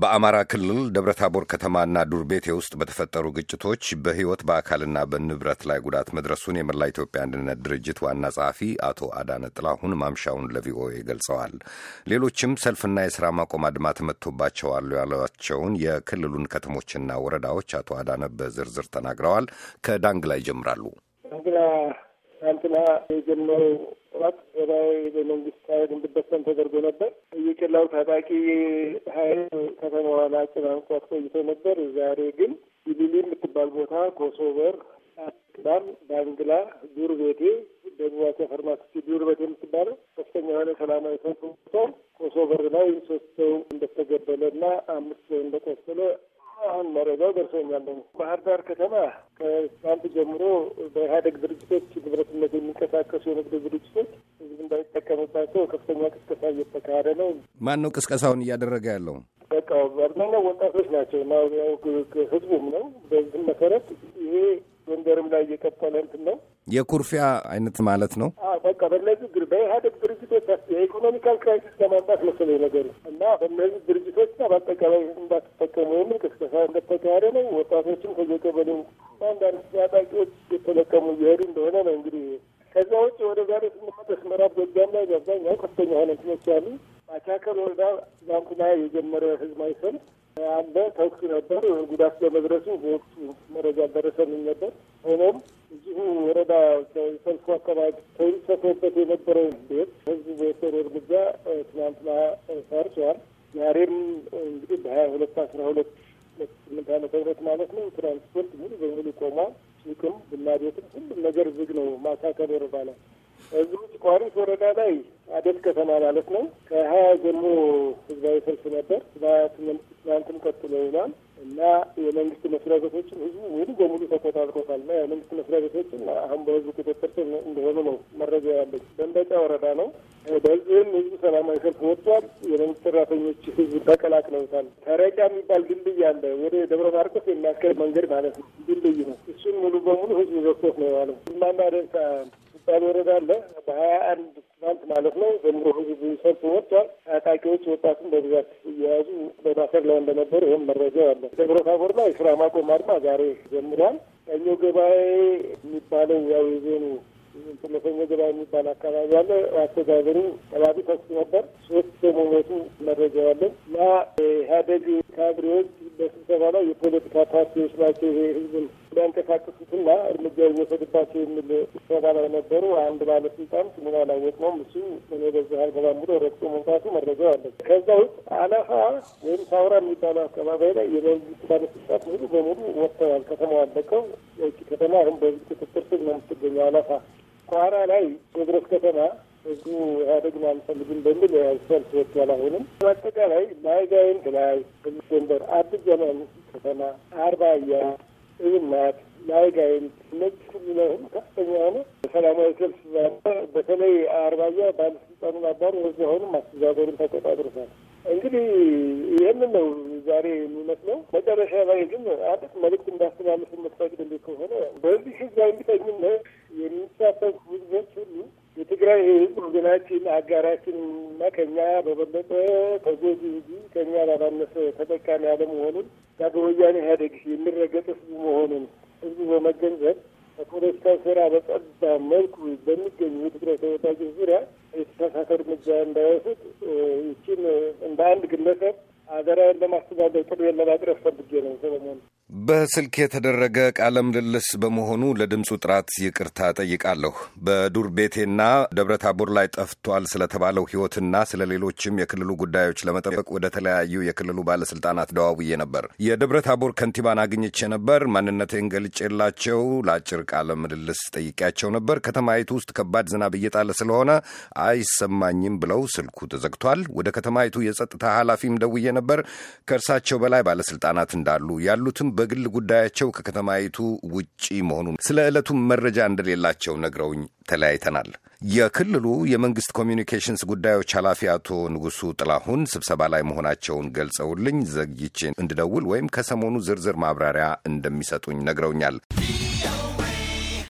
በአማራ ክልል ደብረታቦር ከተማና ዱርቤቴ ውስጥ በተፈጠሩ ግጭቶች በሕይወት በአካልና በንብረት ላይ ጉዳት መድረሱን የመላ ኢትዮጵያ አንድነት ድርጅት ዋና ጸሐፊ አቶ አዳነ ጥላሁን ማምሻውን ለቪኦኤ ገልጸዋል። ሌሎችም ሰልፍና የሥራ ማቆም አድማ ተመትቶባቸዋል ያሏቸውን የክልሉን ከተሞችና ወረዳዎች አቶ አዳነ በዝርዝር ተናግረዋል። ከዳንግላ ይጀምራሉ። ዳንግላ ትናንትና የጀመረው ሰባት ብሔራዊ በመንግስት ኃይል እንድበተን ተደርጎ ነበር። የቄላው ታጣቂ ኃይል ከተማዋን አጨናንቋት ቆይቶ ነበር። ዛሬ ግን ኢሊሊ የምትባል ቦታ ኮሶበር ክላም ባንግላ ዱር ቤቴ፣ ደቡብ አፄ ፋርማሲ ዱር ቤቴ የምትባለው ከፍተኛ የሆነ ሰላማዊ ሰልፍ ወጥቶ ኮሶበር ላይ ሶስት ሰው እንደተገደለ እና አምስት ሰው እንደቆሰለ አሁን መረጃው ደርሶኛል። ባህር ዳር ከተማ ከትናንት ጀምሮ በኢህአደግ ድርጅቶች ንብረትነት የሚንቀሳቀሱ የንግድ ድርጅቶች ህዝብ እንዳይጠቀምባቸው ከፍተኛ ቅስቀሳ እየተካሄደ ነው። ማን ነው ቅስቀሳውን እያደረገ ያለው? በቃ አብዛኛው ወጣቶች ናቸው እና ህዝቡም ነው። በዚህም መሰረት ይሄ ጎንደርም ላይ እየቀጠለ እንትን ነው የኩርፊያ አይነት ማለት ነው። በቃ በእነዚህ በኢህአዴግ ድርጅቶች የኢኮኖሚካል ክራይሲስ ለማምጣት መሰለኝ ነገሩ እና በእነዚህ ድርጅቶች ና በአጠቃላይ እንዳትጠቀሙ የሚል ቅስቀሳ እንደተካሄደ ነው። ወጣቶችም ከየቀበሌ አንዳንድ ታጣቂዎች የተለቀሙ እየሄዱ እንደሆነ ነው እንግዲህ ከዛ ውጭ ወደ ዛሬ ስንመለስ ምዕራብ ጎጃም ላይ በአብዛኛው ከፍተኛ ኃላፊዎች አሉ። ማቻከል ወረዳ ዛንኩላ የጀመረ ህዝባዊ ሰልፍ አለ። ተኩሱ ነበር። ጉዳት በመድረሱ በወቅቱ መረጃ አልደረሰንም ነበር። ወረዳ ሰልፉ አካባቢ ፖሊስ ሰፍሮበት የነበረውን ቤት ህዝቡ በወሰዱ እርምጃ ትናንትና ፈርሷል። ዛሬም እንግዲህ በሀያ ሁለት አስራ ሁለት ስምንት ዓመተ ምህረት ማለት ነው ትራንስፖርት ሙሉ በሙሉ ቆሟል። ሱቅም፣ ቡና ቤትም ሁሉም ነገር ዝግ ነው። ማካከል ወረዳ ላይ ውስጥ ቋሪት ወረዳ ላይ አደት ከተማ ማለት ነው ከሀያ ጀምሮ ህዝባዊ ሰልፍ ነበር። ትናንትም ቀጥሎ ይላል እና የመንግስት መስሪያ ቤቶችን ህዝቡ ሙሉ በሙሉ ተቆጣጥሮታል እና የመንግስት መስሪያ ቤቶችን አሁን በህዝቡ ቁጥጥር ስር እንደሆኑ ነው መረጃ ያለች። በንበጫ ወረዳ ነው። በዚህም ህዝቡ ሰላማዊ ሰልፍ ወጥቷል። የመንግስት ሰራተኞች ህዝቡ ተቀላቅለውታል። ተረጫ የሚባል ድልድይ አለ፣ ወደ ደብረ ማርቆስ የሚያስገድ መንገድ ማለት ነው። ድልድይ ነው። እሱን ሙሉ በሙሉ ህዝቡ ዘግቶት ነው የዋለው ማና ፍጻሜ ወረዳ አለ። በሀያ አንድ ትናንት ማለት ነው ጀምሮ ህዝብ ሰልፍ ወጥቷል። ታጣቂዎች ወጣቱን በብዛት እየያዙ በማሰር ላይ እንደነበሩ ይህም መረጃ አለ። ደብረ ታቦርና የስራ ማቆም አድማ ዛሬ ጀምሯል። ቀኞ ገበያ የሚባለው ያው የዜኑ ጥለፈኞ ገበያ የሚባል አካባቢ አለ። አስተዳደሩ ጠባቢ ተስ ነበር። እንውሰድባቸው የሚል ስብሰባ ላይ ነበሩ። አንድ ባለስልጣን ስሙን አላወቅነውም። እሱ እኔ በዚህ አልገባም ብሎ ረግጦ መውጣቱ መረጃው አለ። ከዛ ውስጥ አለፋ ወይም ሳውራ የሚባለው አካባቢ ላይ የመንግስት ባለስልጣን ሙሉ በሙሉ ወጥተዋል። ከተማ አለቀው። ይቺ ከተማ አሁን በዚህ ቁጥጥር ስር ነው የምትገኘው። አለፋ ኳራ ላይ የድረስ ከተማ ህዝቡ ኢህአዴግን አንፈልግም በሚል ሰልፍ ወጥቷል። አሁንም በአጠቃላይ ላይጋይን ላይ፣ ጎንደር አዲስ ዘመን ከተማ፣ አርባያ፣ እብናት ለአይጋ ነጭ ሁሉም ከፍተኛ የሆነ ሰላማዊ ሰልፍ በተለይ አርባያ ባለስልጣኑ አባሩ ወዝ አሁንም አስተዳደሩን ተቆጣጥሮታል። እንግዲህ ይህንን ነው ዛሬ የሚመስለው። መጨረሻ ላይ ግን አንድ መልእክት እንዳስተላለፍ የምትፈቅድል ከሆነ በዚህ ህዝባዊ እምቢተኝነት የሚሳተፉ ህዝቦች ሁሉ የትግራይ ህዝብ ወገናችን፣ አጋራችን እና ከኛ በበለጠ ተጎጂ ህዝብ ከኛ ባላነሰ ተጠቃሚ አለመሆኑን ዳግወያኔ ኢህአዴግ የሚረገጥ ህዝቡ መሆኑን በጸዳ መልኩ በሚገኙ የትግራይ ተወላጆች ዙሪያ የተሳሳተ እርምጃ እንዳይወስድ ይችን እንደ አንድ ግለሰብ ሀገራዊን ለማስተዳደር ጥሪ ለማቅረብ ፈልጌ ነው ሰለሞን። በስልክ የተደረገ ቃለ ምልልስ በመሆኑ ለድምፁ ጥራት ይቅርታ ጠይቃለሁ። በዱር ቤቴና ደብረታቦር ላይ ጠፍቷል ስለተባለው ሕይወትና ስለ ሌሎችም የክልሉ ጉዳዮች ለመጠበቅ ወደ ተለያዩ የክልሉ ባለስልጣናት ደዋውዬ ነበር። የደብረታቦር ከንቲባን አግኝቼ ነበር። ማንነቴን ገልጬላቸው ለአጭር ቃለ ምልልስ ጠይቄያቸው ነበር። ከተማይቱ ውስጥ ከባድ ዝናብ እየጣለ ስለሆነ አይሰማኝም ብለው ስልኩ ተዘግቷል። ወደ ከተማይቱ የጸጥታ ኃላፊም ደውዬ ነበር። ከእርሳቸው በላይ ባለስልጣናት እንዳሉ ያሉትም በግ ግል ጉዳያቸው ከከተማይቱ ውጪ መሆኑን ስለ ዕለቱም መረጃ እንደሌላቸው ነግረውኝ ተለያይተናል። የክልሉ የመንግስት ኮሚኒኬሽንስ ጉዳዮች ኃላፊ አቶ ንጉሱ ጥላሁን ስብሰባ ላይ መሆናቸውን ገልጸውልኝ ዘግይቼ እንድደውል ወይም ከሰሞኑ ዝርዝር ማብራሪያ እንደሚሰጡኝ ነግረውኛል።